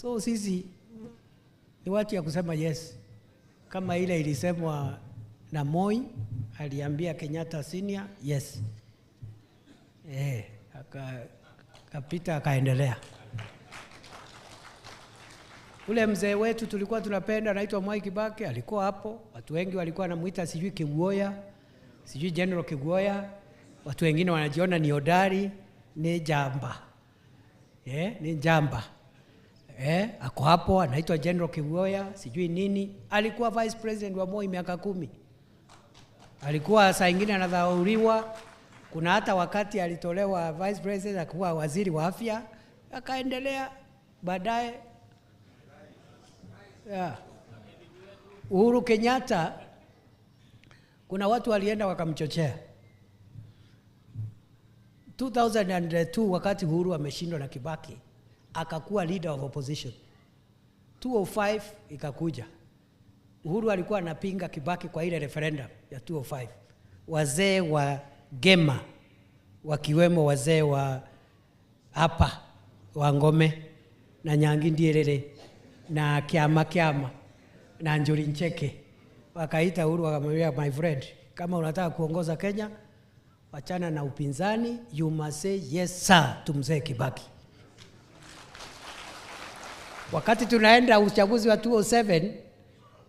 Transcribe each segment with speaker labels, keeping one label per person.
Speaker 1: So sisi ni watu ya kusema yes, kama ile ilisemwa na Moi, aliambia Kenyatta senior yes, eh, akapita akaendelea. Ule mzee wetu tulikuwa tunapenda anaitwa Mwai Kibaki, alikuwa hapo. Watu wengi walikuwa wanamuita sijui Kiguoya, sijui General Kiguoya, watu wengine wanajiona ni hodari, ni jamba, eh, ni jamba eh, ako hapo anaitwa General Kiwoya sijui nini, alikuwa vice president wa Moi miaka kumi. Alikuwa saa ingine anadhauriwa. Kuna hata wakati alitolewa vice president akuwa waziri wa afya, akaendelea baadaye. Yeah. Uhuru Kenyatta, kuna watu walienda wakamchochea 2002 wakati Uhuru ameshindwa na Kibaki akakuwa leader of opposition. 205 ikakuja. Uhuru alikuwa anapinga Kibaki kwa ile referendum ya 205. Wazee wa Gema wakiwemo wazee wa hapa wa Ngome na Nyangi Ndierere na Kiama Kiama na Njuri Ncheke wakaita Uhuru wakamwambia, my friend, kama unataka kuongoza Kenya, wachana na upinzani, you must say yes sir to mzee Kibaki. Wakati tunaenda uchaguzi wa 2007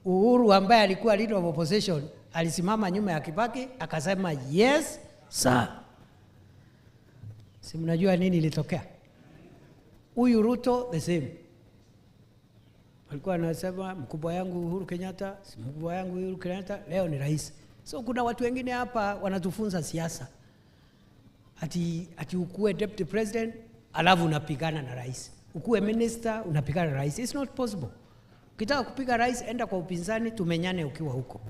Speaker 1: Uhuru ambaye alikuwa leader of opposition alisimama nyuma ya Kibaki akasema yes sir. Si mnajua nini ilitokea? Huyu Ruto the same alikuwa anasema mkubwa yangu Uhuru Kenyatta, si mkubwa yangu Uhuru Kenyatta, leo ni rais. So kuna watu wengine hapa wanatufunza siasa ati, ati ukue deputy president alafu unapigana na rais ukuwe minister unapigana rais. It's not possible. Ukitaka kupiga rais, enda kwa upinzani, tumenyane ukiwa huko.